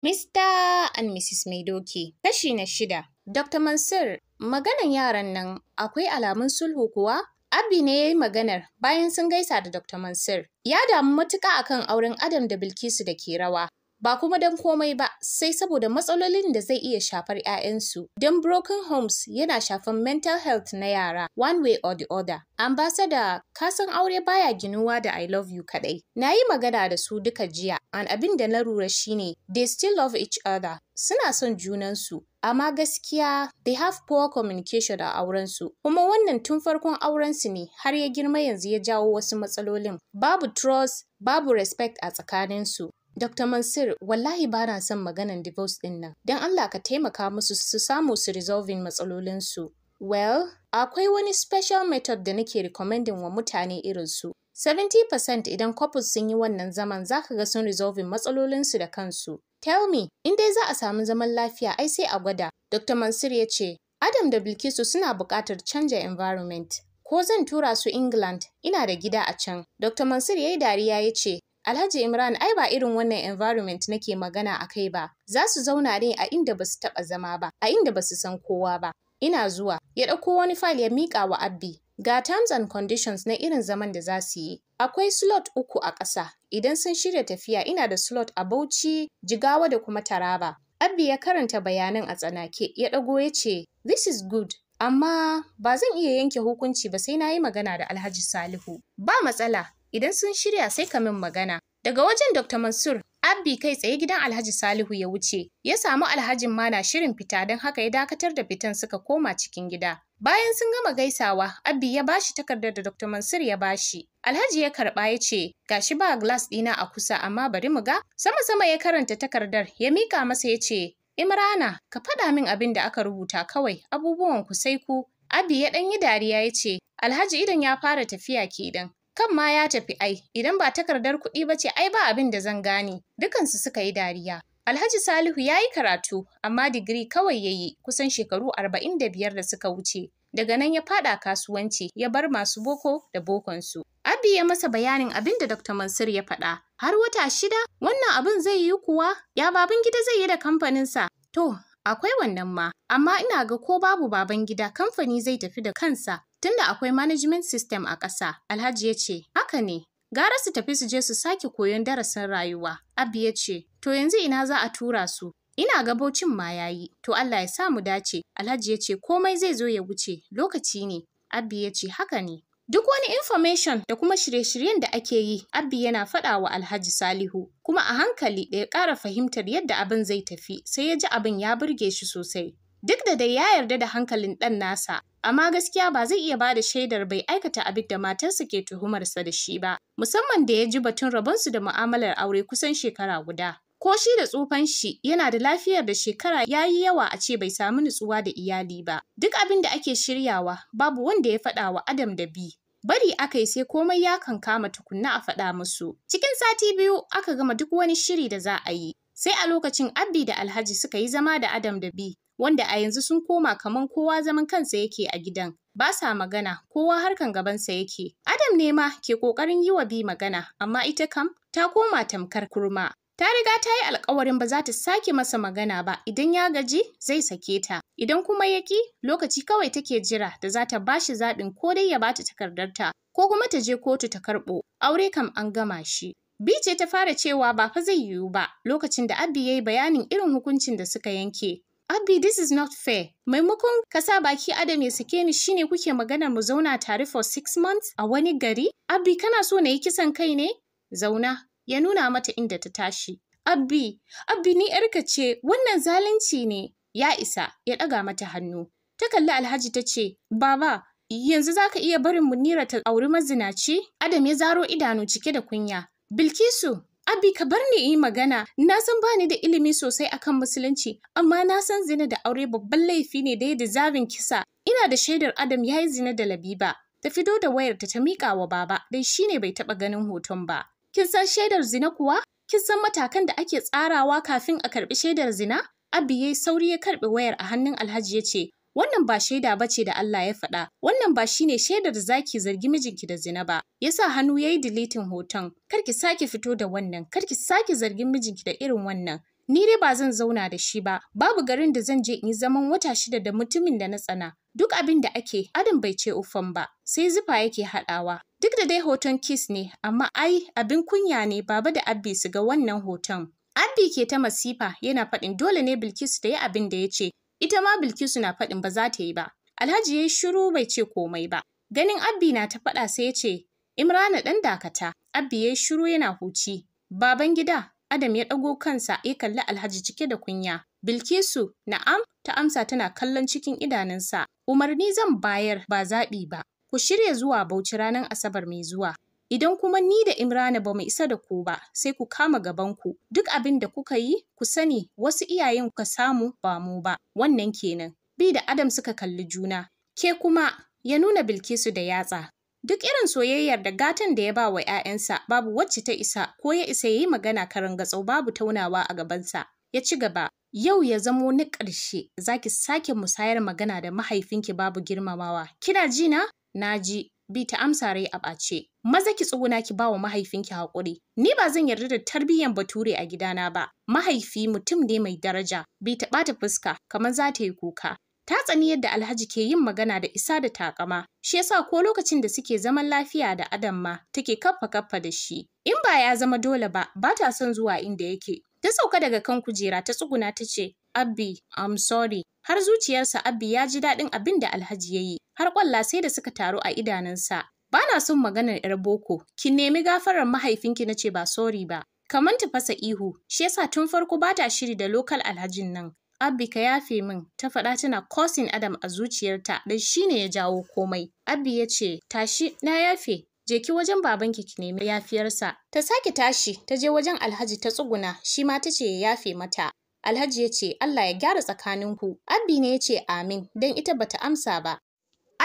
Mr. and Mrs. Maidoki. Kashi na shida. Dr. Mansur, maganan yaran nan akwai alamun sulhu kuwa? Abi ne ya yi maganar bayan sun gaisa da Dr. Mansur. Ya damu matuƙa akan auren Adam da Bilkisu da ke rawa. ba kuma don komai ba sai saboda matsalolin da zai iya shafar 'ya'yansu. Don broken homes yana shafar mental health na yara one way or the other. Ambassador kasan aure baya ginuwa da I love you kaɗai. Na yi magana da su duka jiya an abin da na rura shine they still love each other. Suna son junansu, amma gaskiya they have poor communication a aurensu kuma wannan tun farkon aurensu ne har ya girma yanzu ya jawo wasu matsalolin babu trust babu respect a tsakaninsu Dr. Mansur, wallahi ba na son maganan divorce ɗin nan. Don Allah ka taimaka musu su samu su resolving matsalolinsu. Well, akwai wani special method da nake recommending wa mutane irinsu. 70% idan couples sun yi wannan zaman za ka ga sun resolving matsalolinsu da kansu. Tell me, in dai za a samu zaman lafiya ai sai a gwada. Dr. Mansur ya ce, Adam da Bilkisu suna buƙatar canja environment. Ko zan tura su England, ina da gida a can. Dr. Mansur ya yi dariya ya ce, Alhaji Imran ai ba irin wannan environment nake magana a kai ba, za su zauna ne a inda ba su taɓa zama ba, a inda ba su san kowa ba. Ina zuwa, ya ɗauko wani fayil ya miƙa wa Abbi. Ga terms and conditions na irin zaman da za su yi. Akwai slot uku a ƙasa, idan sun shirya tafiya ina da slot a Bauchi, Jigawa da kuma Taraba. Abbi ya karanta bayanan a tsanake, ya ɗago ya ce, This is good, amma ba zan iya yanke hukunci ba sai na yi magana da Alhaji Salihu. Ba matsala, Idan sun shirya sai ka min magana. Daga wajen Dr. Mansur, Abbi kai tsaye gidan Alhaji Salihu ya wuce, ya samu Alhajin ma na shirin fita don haka ya dakatar da fitan suka koma cikin gida. Bayan sun gama gaisawa, Abbi ya bashi takardar da Dr. Mansur ya bashi. Alhaji ya karɓa ya ce, shi ba glass ɗina a kusa amma bari mu ga." Sama-sama ya karanta takardar, ya mika masa ya ce, "Imrana, ka faɗa min abin da aka rubuta kawai, abubuwan ku sai ku." Abbi ya ɗan yi dariya ya ce, "Alhaji idan ya fara tafiya kenan." kan ma ya tafi ai, idan ba takardar kuɗi ba ce ai ba abin da zan gane. Dukansu suka yi dariya. Alhaji Salihu ya yi karatu, amma digiri kawai ya yi kusan shekaru arba'in da biyar da suka wuce. Daga nan ya faɗa kasuwanci, ya bar masu boko da bokonsu. Abi ya masa bayanin abin da Dr. Mansur ya faɗa. Har wata shida, wannan abin zai yi kuwa? Ya baban gida zai yi da kamfaninsa? To, akwai wannan ma, amma ina ga ko babu baban gida kamfani zai tafi da kansa tunda akwai management system a ƙasa. Alhaji ya ce, haka ne, gara su tafi su je su sake koyon darasin rayuwa. Abbi ya ce, to yanzu ina za a tura su? Ina gabocin ma ya to Allah ya sa mu dace. Alhaji ya ce, komai zai zo ya wuce, lokaci ne. Abbi ya ce, haka ne. Duk wani information da kuma shirye-shiryen da ake yi, Abbi yana faɗa wa Alhaji Salihu, kuma a hankali da ya ƙara fahimtar yadda abin zai tafi, sai ya ji abin ya burge shi sosai. Duk da dai ya yarda da hankalin ɗan nasa, amma gaskiya ba zai iya ba da shaidar bai aikata abin da matarsa ke tuhumarsa da shi ba, musamman da ya ji batun rabonsu da mu'amalar aure kusan shekara guda. Ko shi da tsufan shi yana da lafiyar da shekara ya yi yawa a ce bai samu nutsuwa da iyali ba. Duk abin da ake shiryawa babu wanda ya faɗa wa Adam da Bi. Bari aka yi sai komai ya kankama tukunna a faɗa musu. Cikin sati biyu aka gama duk wani shiri da za a yi. Sai a lokacin Abdi da Alhaji suka yi zama da Adam da Bi. wanda a yanzu sun koma kaman kowa zaman kansa yake a gidan. Ba sa magana, kowa harkan gabansa yake. Adam ne ma ke ƙoƙarin yi wa Bi magana, amma ita kam ta koma tamkar kurma. Ta riga ta yi alƙawarin ba za ta sake masa magana ba, idan ya gaji zai sake ta. Idan kuma ya ƙi, lokaci kawai take jira da za ta ba shi zaɓin ko dai ya ba ta takardarta, ko kuma ta je kotu ta karɓo. Aure kam an gama shi. Bi ce ta fara cewa ba fa zai yiwu ba lokacin da Abbi ya yi bayanin irin hukuncin da suka yanke. Abi, this is not fair. Maimakon kasa baki Adam ya sake ni shine kuke magana mu zauna tare for six months a wani gari? Abi, kana so na yi kisan kai ne? Zauna, ya nuna mata inda ta tashi. Abbi, Abbi ni ‘yarka ce, wannan zalunci ne. Ya isa, ya ɗaga mata hannu. Ta kalli Alhaji ta ce, Baba, yanzu za ka iya barin Munira ta auri mazinaci? Adam ya zaro idanu cike da kunya. Bilkisu, Abi ka bar ni yi magana, na san ba ni da ilimi sosai akan musulunci, amma na san zina da aure babban laifi ne da ya zabin kisa. Ina da shaidar Adam ya yi zina da Labiba. Ta fito da wayar ta miƙa wa baba, dai shi ne bai taɓa ganin hoton ba. Kin san shaidar zina kuwa? Kin san matakan da ake tsarawa kafin a karɓi shaidar zina? Abi ya yi sauri ya karɓi wayar a hannun Alhaji ya ce, Wannan ba shaida ba ce da Allah ya faɗa, wannan ba shine shaidar da zaki zargi mijinki da zina ba. Yasa hannu ya yi deleting hoton, kar ki sake fito da wannan, kar ki sake zargin mijinki da irin wannan. Ni dai ba zan zauna da shi ba, babu garin da zan je in yi zaman wata shida da mutumin da na tsana. Duk abin da ake, adam bai ce ufan ba, sai zufa yake haɗawa. Duk da dai hoton kiss ne, amma ai abin kunya ne baba da abbi su ga wannan hoton. Abbi ke ta masifa yana faɗin dole ne Bilkisu ta yi abin da ya ce, Ita ma Bilkisu na faɗin ba za ta yi ba. Alhaji ya yi shiru bai ce komai ba. Ganin Abbi na ta faɗa sai ya ce, Imrana ɗan dakata. Abbi ya yi shiru yana huci. Baban gida, Adam ya ɗago kansa ya kalli Alhaji cike da kunya. Bilkisu, na'am, ta amsa tana kallon cikin idanunsa. Umarni zan bayar ba zaɓi ba. Ku shirya zuwa Bauchi ranar Asabar mai zuwa. Idan kuma ni da Imrana ba mu isa da ku ba, sai ku kama gabanku. Duk abin da kuka yi, ku sani wasu iyayen kuka samu ba mu ba. Wannan kenan. Bi da Adam suka kalli juna. Ke kuma ya nuna Bilkisu da yatsa. Duk irin soyayyar da gatan da ya ba wa ‘ya'yansa babu wacce ta isa ko ya isa ya yi magana karan gatsau babu taunawa a gabansa. Ya ci gaba, yau ya zamo ni ƙarshe za ki sake musayar magana da mahaifinki babu girmamawa. Kina ji na? Na ji. Bi ta amsa rai a ɓace. Maza ki tsuguna ki bawa mahaifinki haƙuri. Ni ba zan yarda da tarbiyyar Bature a gidana ba. Mahaifi mutum ne mai daraja. Bi ta ɓata fuska kamar za ta yi kuka. Ta tsani yadda Alhaji ke yin magana da isa da takama. Shi yasa ko lokacin da suke zaman lafiya da Adam ma take kaffa kaffa da shi. In ba ya zama dole ba, ba ta son zuwa inda yake. Ta sauka daga kan kujera ta tsuguna ta ce, Abbi, I'm sorry. Har zuciyarsa Abbi ya ji daɗin abin da Alhaji ya yi, har ƙwalla sai da suka taru a idanunsa. Ba na son maganar 'yar boko, ki nemi gafarar mahaifinki na ce ba sori ba. Kamar ta fasa ihu, shi yasa tun farko ba ta shiri da lokal alhajin nan. Abbi ka yafe min, ta faɗa tana kosin Adam a zuciyarta Dan shi ne ya jawo komai. Abbi ya ce, tashi, na yafe, je ki wajen babanki ki nemi yafiyarsa. Ta sake tashi, ta je wajen Alhaji ta tsuguna, shi ma ta ce ya yafe mata. Alhaji ya ce, Allah ya gyara tsakaninku. Abbi ne ya ce, Amin, don ita bata amsa ba.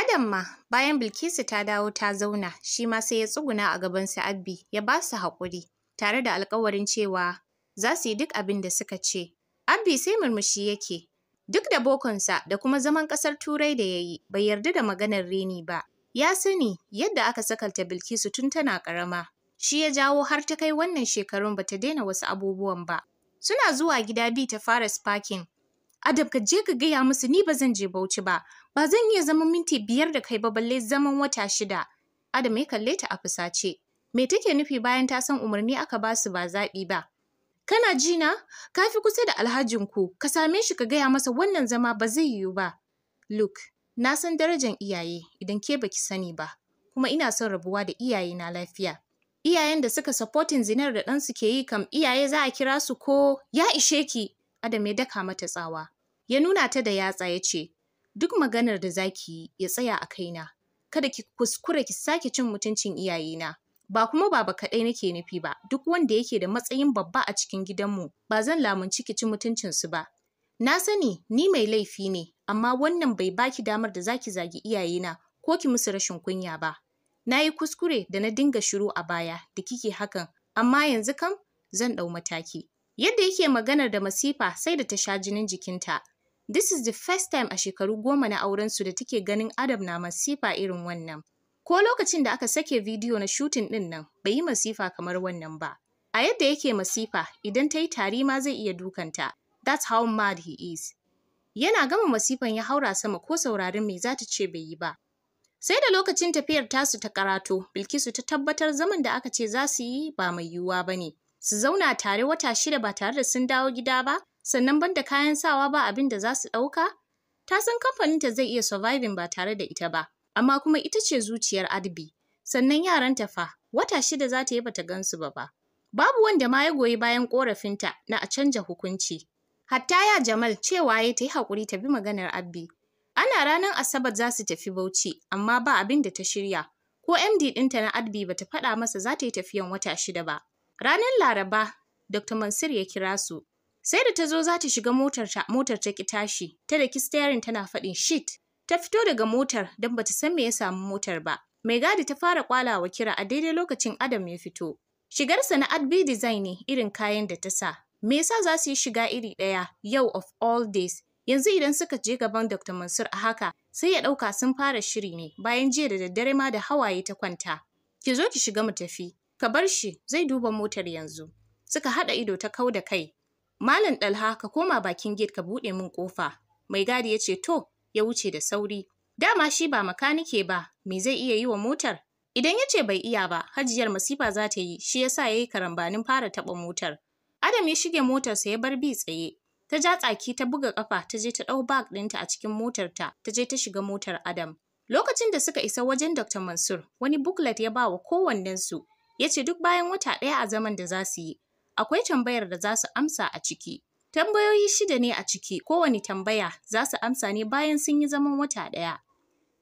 Adam ma bayan Bilkisu ta dawo ta zauna shi ma sai ya tsuguna a gaban su ya ba su haƙuri tare da alƙawarin cewa za su yi duk abin da suka ce. Abbi sai murmushi yake duk da bokonsa da kuma zaman ƙasar Turai da ya yi bai yarda da maganar reni ba. Ya sani yadda aka sakalta Bilkisu tun tana ƙarama shi ya jawo har ta kai wannan shekarun ba ta daina wasu abubuwan ba. Suna zuwa gida bi ta fara sparking Adab ka je ka gaya musu ni ba zan je Bauchi ba, ba zan iya zaman minti biyar da kai ba balle zaman wata shida. Adam ya kalle ta a fusace. Me take nufi bayan ta san umarni aka ba su ba zaɓi ba? Kana jina na? Ka fi kusa da alhajinku, ka same shi ka gaya masa wannan zama ba zai yiwu ba. Luke, na san darajan iyaye idan ke baki sani ba, kuma ina son rabuwa da iyaye na lafiya. Iyayen da suka supportin zinar da ɗansu ke yi kam iyaye za a kira su ko ya ishe ki, Adam ya daka mata tsawa. Ya nuna ta da yatsa ya ce, Duk maganar da zaki yi ya tsaya a kaina, kada ki kuskure ki sake cin mutuncin iyayena. Ba kuma baba kaɗai nake nufi ba, duk wanda yake da matsayin babba a cikin gidanmu, ba zan lamunci ki ci mutuncinsu ba. Na sani ni mai laifi ne, amma wannan bai baki damar da zaki zagi iyayena ko ki musu rashin kunya ba. Na yi kuskure da na dinga shiru a baya da kike hakan, amma yanzu kam zan ɗau mataki. Yadda yake maganar da masifa sai da ta sha jinin jikinta, This is the first time a shekaru goma na aurensu da take ganin Adam na masifa irin wannan. Ko lokacin da aka sake bidiyo na shooting ɗin nan, bai yi masifa kamar wannan ba. A yadda yake masifa, idan ta yi tari ma zai iya dukanta. That's how mad he is. Yana gama masifan ya haura sama ko saurarin me za ta ce bai yi ba. Sai da lokacin tafiyar tasu ta karatu, Bilkisu ta tabbatar zaman da aka ce za su yi ba mai yiwuwa ba ne. Su zauna tare wata shida ba tare da sun dawo gida ba, sannan banda kayan sawa ba abin da za su ɗauka? Ta san kamfaninta zai iya surviving ba tare da ita ba, amma kuma ita ce zuciyar Adbi. Sannan yaranta fa, wata shida za ta yi bata gansu ba ba. Babu wanda ma ya goyi bayan ƙorafinta na a canja hukunci. Hatta ya Jamal cewa ya ta yi haƙuri ta bi maganar Abbi. Ana ranar Asabar za su tafi Bauchi, amma ba abin da ta shirya. Ko MD ɗinta na Adbi ba ta faɗa masa za ta yi tafiyan wata shida ba. Ranar Laraba, Dr. Mansur ya kira su, Sai da ta zo za ta shiga motarta, motar ta ki tashi, ta daki steering tana faɗin shit. Ta fito daga motar don ba ta san me ya samu motar ba. Mai gadi ta fara kwalawa kira a daidai lokacin Adam ya fito. Shigarsa na Adbi Design ne irin kayan da ta sa. Me yasa za su yi shiga iri ɗaya yau of all days? Yanzu idan suka je gaban Dr. Mansur a haka, sai ya ɗauka sun fara shiri ne bayan jiya da daddare ma da hawaye ta kwanta. Ki zo ki shiga mu tafi, ka bar shi zai duba motar yanzu. Suka haɗa ido ta kau da kai, Malam Ɗalha ka koma bakin gate ka buɗe min ƙofa. Mai gadi ya ce to ya wuce da sauri. Dama shi ba makanike ba, me zai iya yi wa motar? Idan ya ce bai iya ba, hajiyar masifa za ta yi, shi ya sa ya yi karambanin fara taɓa motar. Adam ya shige motarsa ya bar bi tsaye. Ta ja tsaki ta buga ƙafa ta je ta ɗau bag ɗinta a cikin motarta ta je ta shiga motar Adam. Lokacin da suka isa wajen Dr. Mansur, wani booklet ya ba wa kowannensu, ya ce duk bayan wata ɗaya a zaman da za su yi, akwai tambayar da za su amsa a ciki. Tambayoyi shida ne a ciki, kowane tambaya za su amsa ne bayan sun yi zaman wata ɗaya.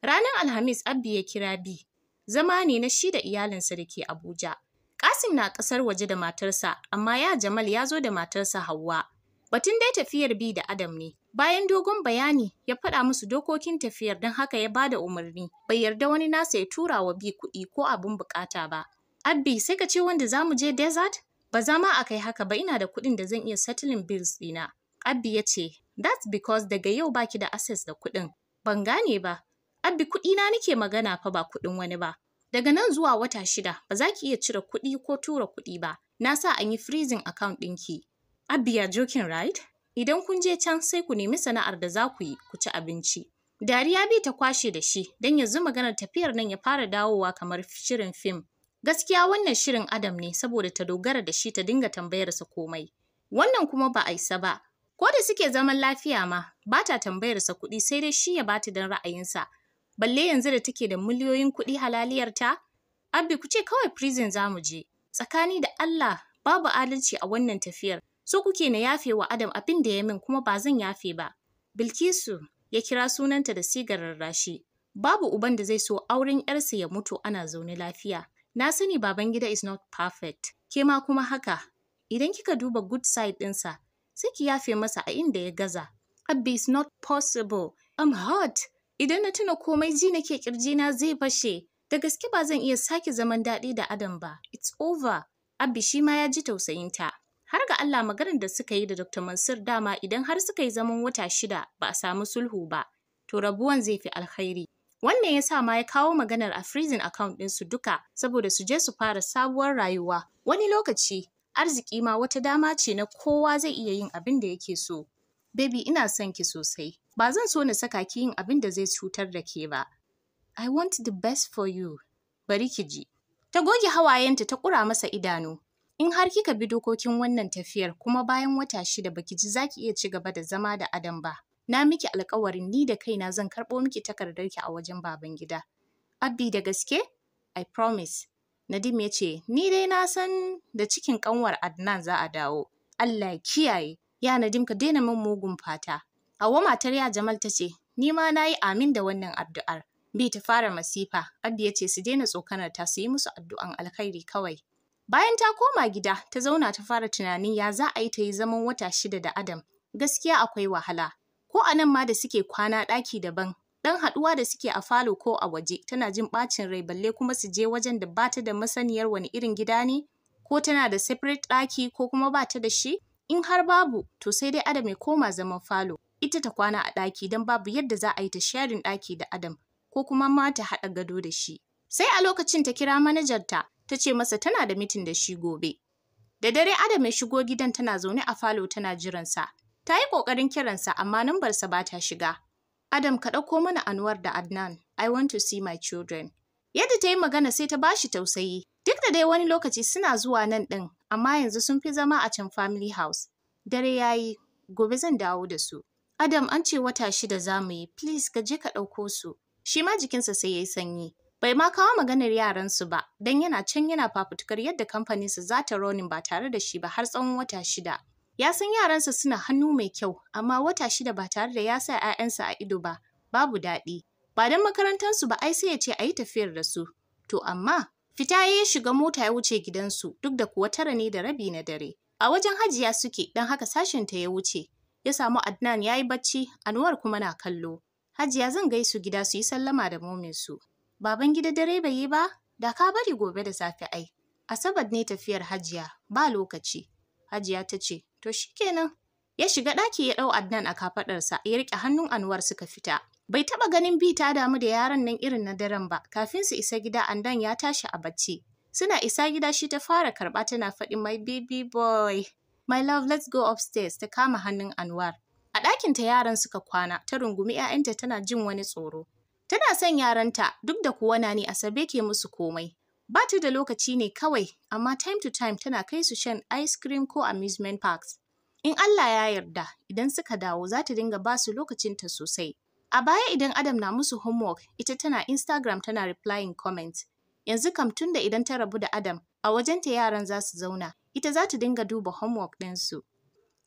Ranar Alhamis Abbi ya kira Bi, zama ne na shi da iyalinsa da ke Abuja. Kasim na ƙasar waje da matarsa, amma ya Jamal ya zo da matarsa Hauwa. Batun dai tafiyar Bi da Adam ne. Bayan dogon bayani, ya faɗa musu dokokin tafiyar don haka ya bada umarni. Bai yarda wani nasa ya tura wa Bi kuɗi ko abin buƙata ba. Abbi, sai ka ce wanda za mu je desert? Ba za ma a kai haka ba ina da kuɗin da zan iya settling bills ɗina. Abbi ya ce, That's because daga yau ba ki da access da kuɗin. Ban gane ba. Abbi kuɗina nake magana fa ba kuɗin wani ba. Daga nan zuwa wata shida ba za ki iya cire kuɗi ko tura kuɗi ba. Na sa an yi freezing account ɗinki. Abbi ya joking right? Idan kun je can sai ku nemi sana'ar da za ku yi ku ci abinci. Dariya bai ta kwashe da shi don yanzu maganar tafiyar nan ya fara dawowa kamar shirin fim. Gaskiya wannan shirin Adam ne saboda ta dogara da shi ta dinga tambayarsa komai. Wannan kuma ba a isa ba. Ko da suke zaman lafiya ma, ba ta tambayarsa kuɗi sai dai shi ya bata don ra'ayinsa. Balle yanzu da take da miliyoyin kuɗi halaliyarta? Abbi ku ce kawai prison za mu je. Tsakani da Allah babu adalci a wannan tafiyar. So kuke na yafe wa Adam abin da ya min kuma ba zan yafe ba. Bilkisu ya kira sunanta da sigarar rashi. Babu uban da zai so auren ‘yarsa ya mutu ana zaune lafiya. Na sani Babangida is not perfect, ke ma kuma haka. Idan kika duba good side ɗinsa, sai ki yafe masa a inda ya gaza. Abbi is not possible. I'm hurt. Idan na tuna komai ji nake na zai fashe. Da gaske ba zan iya sake zaman daɗi da Adam ba. It's over. Abbi shi ma ya ji tausayinta. Har ga Allah maganar da suka yi da Dr. Mansur dama idan har suka yi zaman wata shida ba a samu sulhu ba, to rabuwan zai fi alkhairi. Wannan ya sa ma ya kawo maganar a freezing account ɗinsu duka saboda su je su fara sabuwar rayuwa. Wani lokaci arziki ma wata dama ce na kowa zai iya yin abin da yake so. Baby ina son ki sosai. Ba zan so na saka ki yin abin da zai cutar da ke ba. I want the best for you. Bari ki ji. Ta goge hawayenta ta ƙura masa idanu. In har kika bi dokokin wannan tafiyar kuma bayan wata shida baki ji zaki iya ci gaba da zama da Adam ba, Na miki alƙawarin ni da kaina zan karɓo miki takardar ki a wajen Babangida. Abbi da gaske? I promise. Nadim ya ce, Ni dai na san da cikin ƙanwar Adnan za a dawo. Allah ya kiyaye. Ya Nadim ka daina min mugun fata. Hauwa matar ya Jamal ta ce, Ni ma na yi amin da wannan addu'ar. Bi ta fara masifa, Abdi ya ce su daina tsokanar ta su yi musu addu'an alkhairi kawai. Bayan ta koma gida, ta zauna ta fara tunanin ya za a yi ta yi zaman wata shida da Adam. Gaskiya akwai wahala, ko a nan ma da suke kwana ɗaki daban ɗan haɗuwa da suke a falo ko a waje tana jin ɓacin rai balle kuma su je wajen da ba ta da masaniyar wani irin gida ne ko tana da separate ɗaki ko kuma ba ta da shi in har babu to sai dai Adam ya koma zaman falo ita ta kwana a ɗaki don babu yadda za a yi ta sharing ɗaki da Adam ko kuma ma ta haɗa gado da shi sai a lokacin ta kira manajarta ta ce masa tana da mitin da shi gobe da dare Adam ya shigo gidan tana zaune a falo tana jiransa Ta yi ƙoƙarin kiransa amma nambarsa ba ta shiga. Adam ka ɗauko mana Anwar da Adnan. I want to see my children. Yadda ta yi magana sai ta ba shi tausayi. Duk da dai wani lokaci suna zuwa nan ɗin, amma yanzu sun fi zama a can family house. Dare ya yi, gobe zan dawo da su. Adam an ce wata shida za mu yi, please ka je ka ɗauko su. Shi ma jikinsa sai ya yi sanyi. Bai ma kawo maganar yaransu ba, don yana can yana fafutukar yadda kamfaninsa za ta ronin ba tare da shi ba har tsawon wata shida. Ya san yaransa suna hannu mai kyau, amma wata shida ba tare da ya sa ‘ya'yansa a ido ba, babu daɗi. Ba don makarantarsu ba ai sai ya ce a yi tafiyar da su. To amma, fita ya yi shiga mota ya wuce gidansu duk da kuwa tara ne da rabi na dare. A wajen hajiya suke, don haka sashinta ya wuce. Ya samu Adnan ya yi bacci, Anwar kuma na kallo. Hajiya zan gaisu gida su yi sallama da mominsu. Baban gida dare bai yi ba? Da ka bari gobe da safe ai. Asabar ne tafiyar Hajiya, ba lokaci. Hajiya ta ce, To shi kenan. Ya shiga ɗaki ya ɗau Adnan a kafaɗarsa, ya riƙe hannun Anwar suka fita. Bai taɓa ganin bi ta damu da yaran nan irin na daren ba, kafin su isa gida Andan ya tashi a bacci. Suna isa gida shi ta fara karɓa tana faɗi my baby boy. My love, let's go upstairs, ta kama hannun Anwar. A ɗakinta yaran suka kwana, ta rungumi ‘ya'yanta tana jin wani tsoro. Tana son yaranta, duk da kuwa na ne Asabe ke musu komai. Ba ta da lokaci ne kawai, amma time to time tana kai su shan ice cream ko amusement parks. In Allah ya yarda, idan suka dawo za ta dinga ba su lokacinta sosai. A baya idan Adam na musu homework, ita tana Instagram tana replying comments. Yanzu kam tun da idan ta rabu da Adam, a wajenta yaran za su zauna, ita za ta dinga duba homework ɗinsu.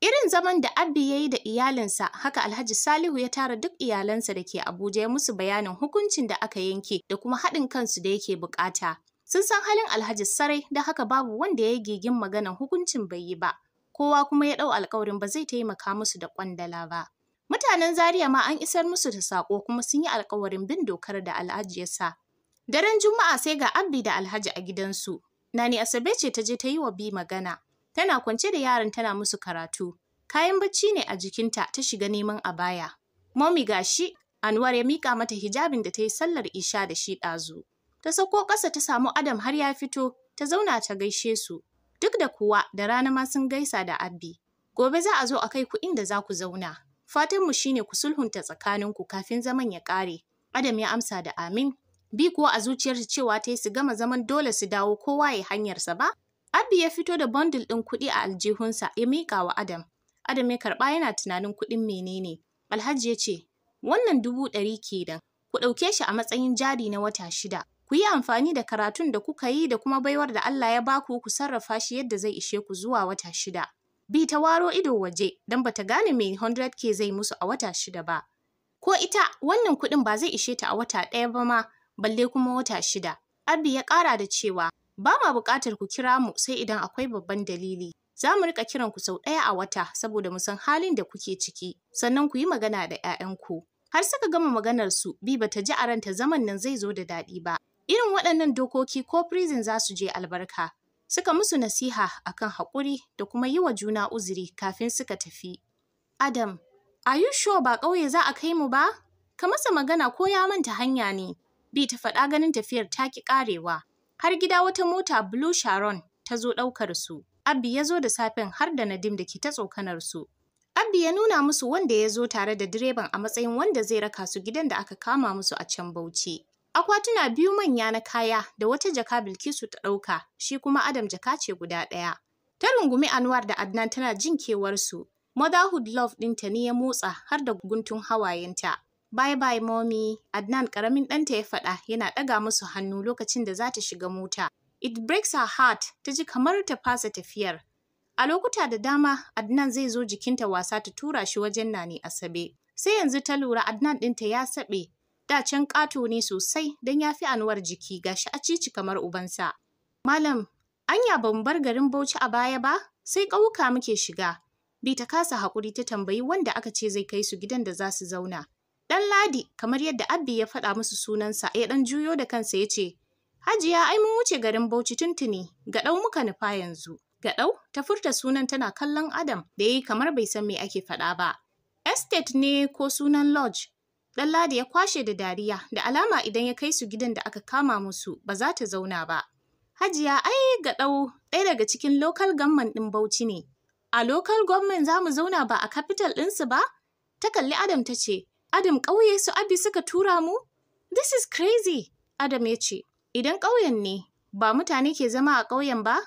Irin zaman da Abbi ya yi da iyalinsa, haka Alhaji Salihu ya tara duk iyalansa da ke Abuja ya musu bayanin hukuncin da aka yanke da kuma haɗin kansu da yake buƙata. Sun san halin Alhaji sarai da haka babu wanda ya yi gigin maganan hukuncin bai yi ba, kowa kuma ya ɗau alkawarin ba zai taimaka musu da ƙwandala ba. Mutanen Zaria ma an isar musu da saƙo kuma sun yi alkawarin bin dokar da Alhaji ya sa. Daren Juma'a sai ga Abdi da Alhaji a gidansu. Nani Asabe ce ta je ta yi wa Bi magana. Tana kwance da yaron tana musu karatu. Kayan bacci ne a jikinta ta shiga neman a baya. Momi gashi, Anwar ya miƙa mata hijabin da ta yi sallar isha da shi ɗazu. Ta sauko ƙasa ta samu Adam har ya fito, ta zauna ta gaishe su. Duk da kuwa da rana ma sun gaisa da Abbi. Gobe za a zo a kai ku inda za ku zauna. Fatanmu shine ku sulhunta tsakaninku kafin zaman ya ƙare. Adam ya amsa da amin. Bi kuwa a zuciyarsa cewa ta yi su gama zaman dole su dawo kowa ya hanyarsa ba. Abbi ya fito da bundle ɗin kuɗi a aljihunsa ya miƙa wa Adam. Adam ya karɓa yana tunanin kuɗin menene. Alhaji ya ce, wannan dubu ɗari kenan, ku ɗauke shi a matsayin jari na wata shida. Ku yi amfani da karatun da kuka yi da kuma baiwar da Allah ya baku ku sarrafa shi yadda zai ishe ku zuwa wata shida. Bi ta waro ido waje don bata gane me 100k zai musu a wata shida ba. Ko ita wannan kuɗin ba zai ishe ta a wata ɗaya ba ma balle kuma wata shida. Abi ya ƙara da cewa ba ma buƙatar ku kira mu sai idan akwai babban dalili. Za mu riƙa kiran ku sau ɗaya a wata saboda mu san halin da kuke ciki, sannan ku yi magana da 'ya'yanku. Har suka gama maganar su, Bi bata ji a ranta zaman nan zai zo da daɗi ba, Irin waɗannan dokoki ko prison za su je albarka. Suka musu nasiha akan haƙuri da kuma yi wa juna uzuri kafin suka tafi. Adam, are you ba ƙauye za a kai mu ba? Ka masa magana ko ya manta hanya ne. Bi ta faɗa ganin tafiyar ta ki ƙarewa. Har gida wata mota Blue Sharon ta zo ɗaukar su. Abbi ya zo da safen har da Nadim da ke ta tsokanar su. Abbi ya nuna musu wanda ya zo tare da direban a matsayin wanda zai raka su gidan da aka kama musu a can Bauchi. Akwatuna biyu manya na kaya da wata jaka Bilkisu ta ɗauka, shi kuma Adam jaka ce guda ɗaya. Ta rungumi Anwar da Adnan tana jin kewarsu. Motherhood love ɗinta ne ya motsa har da guntun hawayenta. Bye bye mommy, Adnan ƙaramin ɗanta ya faɗa yana ɗaga musu hannu lokacin da za ta shiga mota. It breaks her heart, ta ji kamar ta fasa tafiyar. A lokuta da dama, Adnan zai zo jikinta wasa ta tura shi wajen Nani Asabe. Sai yanzu ta lura Adnan ɗinta ya saɓe, Da can ƙato ne sosai don ya fi Anwar jiki gashi a cici kamar ubansa. Malam, anya ba mu bar garin Bauchi a baya ba? Sai ƙauka muke shiga. Bi ta kasa haƙuri ta tambayi wanda aka ce zai kai su gidan da za su zauna. Ɗan Ladi, kamar yadda Abbi ya faɗa musu sunansa, ya ɗan juyo da kansa ya ce, Hajiya ai mun wuce garin Bauchi tuntuni, ga ɗau muka nufa yanzu. ga ɗau ta furta sunan tana kallon Adam da ya yi kamar bai san me ake faɗa ba. Estate ne ko sunan lodge Ladi ya kwashe da dariya, da alama idan ya kai su gidan da aka kama musu ba za ta zauna ba. Hajiya ai ga ɗau ɗaya daga cikin lokal government ɗin Bauchi ne. A lokal government za mu zauna ba a capital ɗinsu ba? Ta kalli Adam ta ce, Adam ƙauye su Abi suka tura mu? This is crazy! Adam ya ce, idan ƙauyen ne, ba mutane ke zama a ƙauyen ba?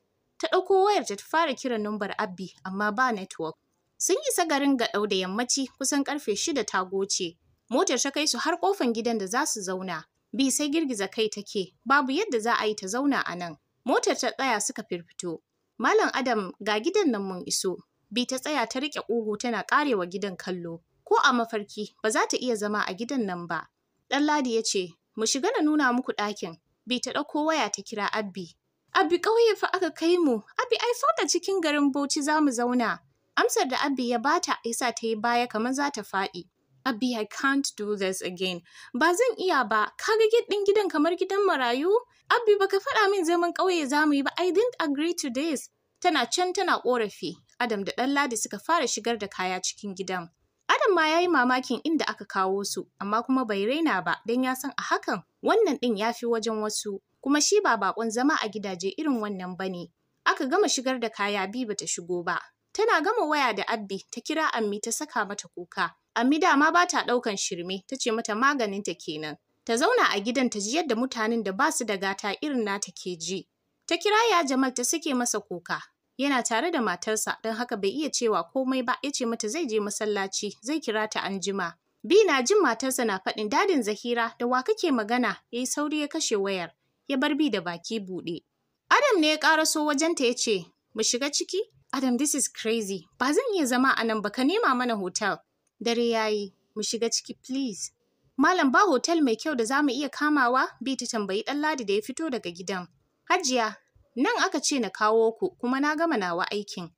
Ta ɗauko wayar ta fara kiran numbar Abbi, amma ba network. Sun isa garin ɗau da yammaci kusan ƙarfe shida ta goce. Motar ta kai su har kofan gidan da za su zauna. Bi sai girgiza kai take, babu yadda za a yi ta zauna a nan. Motar ta tsaya suka firfito. Malam Adam ga gidan nan mun iso. Bi ta tsaya ta riƙe ƙugu tana ƙarewa gidan kallo. Ko a mafarki ba za ta iya zama a gidan nan ba. Ɗanladi ya ce, mu shiga na nuna muku ɗakin. Bi ta ɗauko waya ta kira Abbi. Abbi ƙauye fa aka kai mu, Abbi ai da cikin garin Bauchi za mu zauna. Amsar da Abbi ya bata isa ta yi baya kamar za ta faɗi. Abi, I can't do this again. Ba zan iya ba, ka ga gidan gidan kamar gidan marayu? Abi, baka faɗa min zaman ƙauye za mu yi ba, I didn't agree to this. Tana can tana ƙorafi. Adam da Ɗanladi suka fara shigar da kaya cikin gidan. Adam ma ya yi mamakin inda aka kawo su, amma kuma bai raina ba don ya san a hakan wannan ɗin ya fi wajen wasu, kuma shi ba baƙon zama a gidaje irin wannan ba ne. Aka gama shigar da kaya bi bata shigo ba. Tana gama waya da Abbi ta kira Ammi ta saka mata kuka. Ammi dama ba ta ɗaukan shirme, ta ce mata maganinta kenan. Ta zauna a gidan ta ji yadda mutanen da ba su da gata irin nata ke ji. Ta kira ya Jamal ta sake masa kuka. Yana tare da matarsa don haka bai iya cewa komai ba ya ce mata zai je masallaci zai kira ta anjima. Bi na jin matarsa na faɗin dadin Zahira da wa kake magana ya yi sauri ya kashe wayar ya bar bi da baki buɗe. Adam ne ya ƙaraso wajenta ya ce mu shiga ciki? Adam this is crazy ba zan iya zama a nan ba ka nema mana hotel. Dare ya yi, mu shiga ciki please. Malam ba hotel mai kyau da za mu iya kamawa? Bi ta tambayi ɗan ladi da ya fito daga gidan. Hajiya, nan aka ce na kawo ku kuma na gama nawa aikin.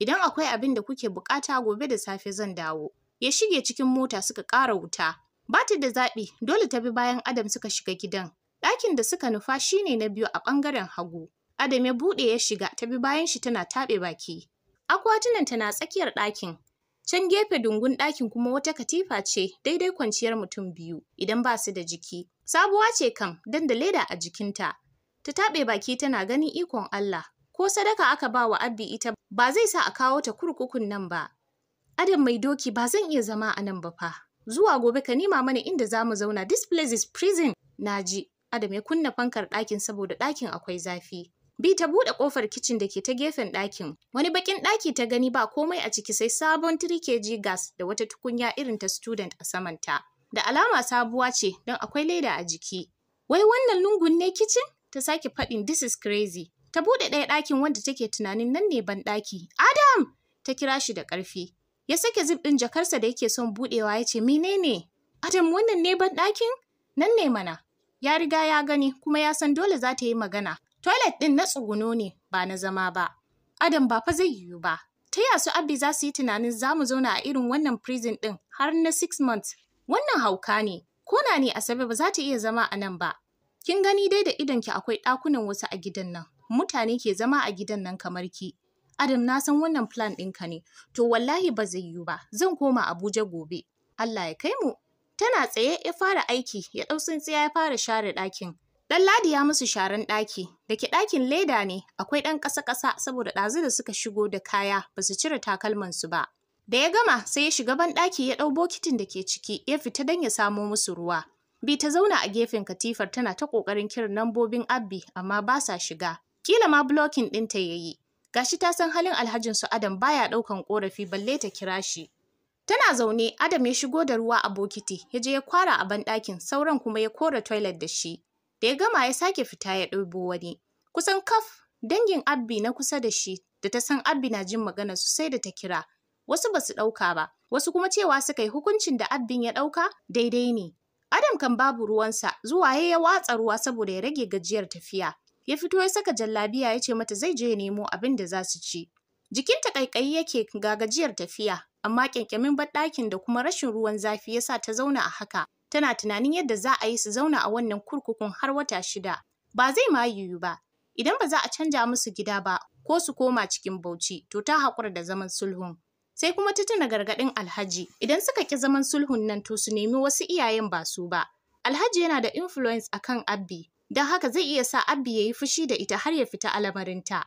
Idan akwai abin da kuke buƙata gobe da safe zan dawo. Ya shige cikin mota suka ƙara wuta. Ba ta da zaɓi, dole ta bi bayan Adam suka shiga gidan. Ɗakin da suka nufa shi ne na biyu a ɓangaren hagu. Adam ya buɗe ya shiga, ta bi bayan shi tana taɓe baki. Akwatunanta na tsakiyar ɗakin, Can gefe dungun ɗakin kuma wata katifa ce daidai kwanciyar mutum biyu idan ba su da jiki. Sabuwa ce kam don da leda a jikinta. Ta taɓe baki tana ganin ikon Allah. Ko sadaka aka ba wa Abbi ita ba zai sa a kawo ta kurkukun nan ba. Adam mai doki ba zan iya zama a nan ba fa. Zuwa gobe ka nima mana inda za mu zauna. This place is prison. Na ji. Adam ya kunna fankar ɗakin saboda ɗakin akwai zafi. Bi ta buɗe ƙofar kicin da ke ta gefen ɗakin. Wani baƙin ɗaki ta gani ba komai a ciki sai sabon 3 kg gas da wata tukunya irin ta student a samanta. Da alama sabuwa ce don akwai leda a jiki. Wai wannan lungun ne kicin? Ta sake faɗin this is crazy. Ta buɗe ɗaya ɗakin wanda take tunanin nan ne ban ɗaki. Adam! Ta kira shi da ƙarfi. Ya sake zip ɗin jakarsa da yake son buɗewa ya ce menene? Adam wannan ne ban ɗakin? Nan ne mana. Ya riga ya gani kuma ya san dole za ta yi magana. Toilet ɗin na tsuguno ne ba na zama ba. Adam ba fa zai yiwu ba. Ta ya su Abdi za su yi tunanin za mu zauna a irin wannan prison ɗin har na six months. Wannan hauka ne, kona ne Asabe ba za ta iya zama a nan ba. Kin gani dai da idonki akwai ɗakunan wasu a gidan nan. Mutane ke zama a gidan nan kamar ki. Adam na san wannan plan ɗinka ne, to wallahi ba zai yiwu ba, zan koma Abuja gobe. Allah ya kai mu. Tana tsaye ya fara aiki, ya ɗau tsintsiya ya fara share ɗakin. Ɗanladi ya musu sharan ɗaki, da ke ɗakin leda ne, akwai ɗan ƙasa-ƙasa saboda ɗazu da suka shigo da kaya ba su cire takalmansu ba. Da ya gama sai ya shiga banɗaki ya ɗau bokitin da ke ciki ya fita don ya samo musu ruwa. Bi ta zauna a gefen katifar tana ta ƙoƙarin kiran lambobin Abbi amma ba sa shiga. Kila ma bulokin ɗinta ya yi. Gashi ta san halin alhajin su Adam baya ɗaukan ƙorafi balle ta kira shi. Tana zaune Adam ya shigo da ruwa a bokiti ya je ya kwara a banɗakin sauran kuma ya kora toilet da shi. Da ya gama ya sake fita ya ɗebo wani. Kusan kaf dangin Abbi na kusa da shi da ta san Abbi na jin magana su da ta kira. Wasu ba su ɗauka ba, wasu kuma cewa suka yi hukuncin da Abbin ya ɗauka daidai ne. Adam kan babu ruwansa zuwa ya watsa ruwa saboda ya rage gajiyar tafiya. Ya fito ya saka jallabiya ya ce mata zai je ya nemo abin da za su ci. Jikinta ƙaiƙayi yake ga gajiyar tafiya, amma ƙyanƙyamin banɗakin da kuma rashin ruwan zafi ya sa ta zauna a haka. tana tunanin yadda za a yi su zauna a wannan kurkukun har wata shida. Ba zai ma yiwu ba, idan ba za a canja musu gida ba ko su koma cikin Bauchi, to ta haƙura da zaman sulhun. Sai kuma ta tuna gargaɗin Alhaji, idan suka ƙi zaman sulhun nan to su nemi wasu iyayen ba su ba. Alhaji yana da influence kan Abbi, don haka zai iya sa Abbi ya yi fushi da ita har ya fita alamarinta.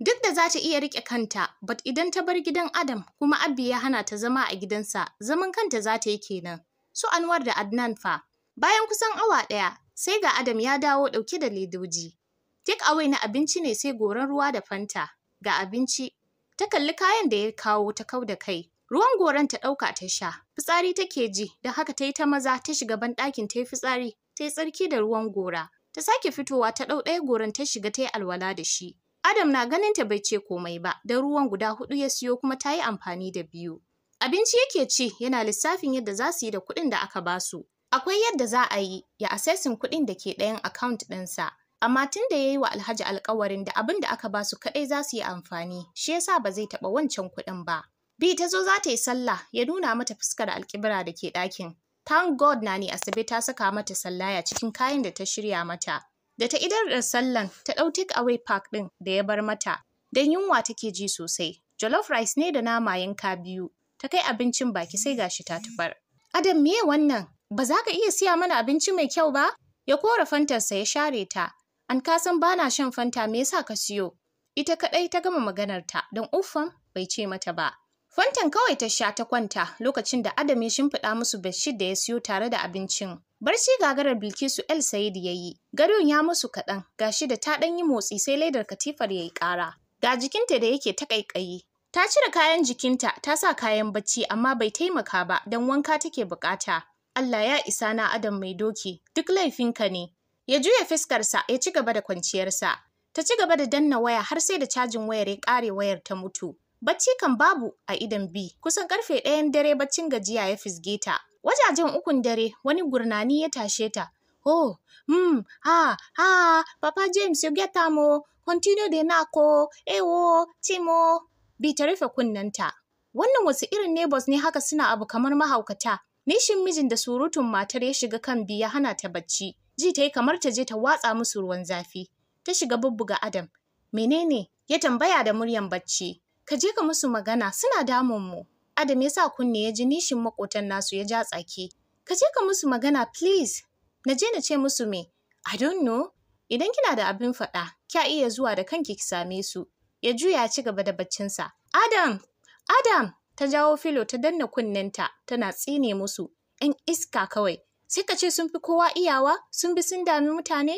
Duk da za ta iya riƙe kanta, but idan ta bar gidan Adam kuma Abbi ya hana ta zama a gidansa, zaman kanta za ta yi kenan. su Anwar da Adnan fa. Bayan kusan awa ɗaya, sai ga Adam ya dawo ɗauke da ledoji. Take away na abinci ne sai goran ruwa da fanta. Ga abinci, ta kalli kayan da ya kawo ta kau da kai. Ruwan goran ta ɗauka ta sha, fitsari take ji, da haka ta yi ta maza ta shiga banɗakin ta yi fitsari, ta yi tsarki da ruwan gora. Ta sake fitowa ta ɗau ɗaya goran ta shiga ta yi alwala da shi. Adam na ganin ta bai ce komai ba, don ruwan guda huɗu ya siyo kuma ta yi amfani da biyu. Abinci yake ci yana lissafin yadda za su yi da kuɗin da aka ba su. Akwai yadda za a yi ya asesin kuɗin da ke ɗayan akaunt ɗinsa. Amma tun da ya yi wa Alhaji alkawarin da abin da aka ba su kaɗai za su yi amfani, shi yasa ba zai taɓa wancan kuɗin ba. Bi ta zo za ta yi sallah ya nuna mata fuskar alƙibira da ke ɗakin. Thank God na ni asibiti ta saka mata sallaya cikin kayan da ta shirya mata. Da ta idar da sallan, ta ɗau take away pack ɗin da ya bar mata, don yunwa take ji sosai. Jollof rice ne da nama yanka biyu, ta kai abincin baki sai gashi ta tufar. Adam me wannan? Ba za ka iya siya mana abinci mai kyau ba? Ya kora fantarsa ya share ta. An kasan ba na shan fanta me yasa ka siyo? Ita kaɗai ta gama maganar ta don uffan bai ce mata ba. Fantan kawai ta sha ta kwanta lokacin da Adam ya shimfiɗa musu bedsheet da ya siyo tare da abincin. Barci gagarar Bilkisu El Sayid ya yi, gadon ya musu kaɗan, gashi da ta ɗan yi motsi sai laidar katifar ya yi ƙara. Ga jikinta da yake ta ƙaiƙayi, Ta cire kayan jikinta, ta sa kayan bacci amma bai taimaka ba don wanka take buƙata. Allah ya isa na Adam mai doki, duk laifinka ne. Ya juya fuskarsa ya ci gaba da kwanciyarsa. Ta ci gaba da danna waya har sai da cajin wayar ya ƙare wayar ta mutu. Bacci kan babu a idon bi, kusan karfe ɗayan dare baccin gajiya ya fisge ta. Wajajen ukun dare wani gurnani ya tashe ta. Oh, hmm, ha, ha, Papa James, you get amo, continue de nako, ewo, eh timo. bi ta rufe kunnenta. Wannan wasu irin neighbors ne haka suna abu kamar mahaukata. Nishin mijin da surutun matar ya shiga kan bi ya hana ta bacci. Ji ta yi kamar ta je ta watsa musu ruwan zafi. Ta shiga bubbuga Adam. Menene? Ya tambaya da muryan bacci. Ka je ka musu magana suna damun mu. Adam ya sa kunne ya ji nishin makotan nasu ya ja tsaki. Ka je ka musu magana please. Na je na ce musu me? I don't know. Idan kina da abin faɗa, kya iya zuwa da kanki ki same su. ya juya ci gaba da baccinsa. Adam! Adam! Ta jawo filo ta danna kunnenta tana tsine musu, ‘yan iska kawai. Sai ka ce sun fi kowa iyawa, sun bi sun dami mutane?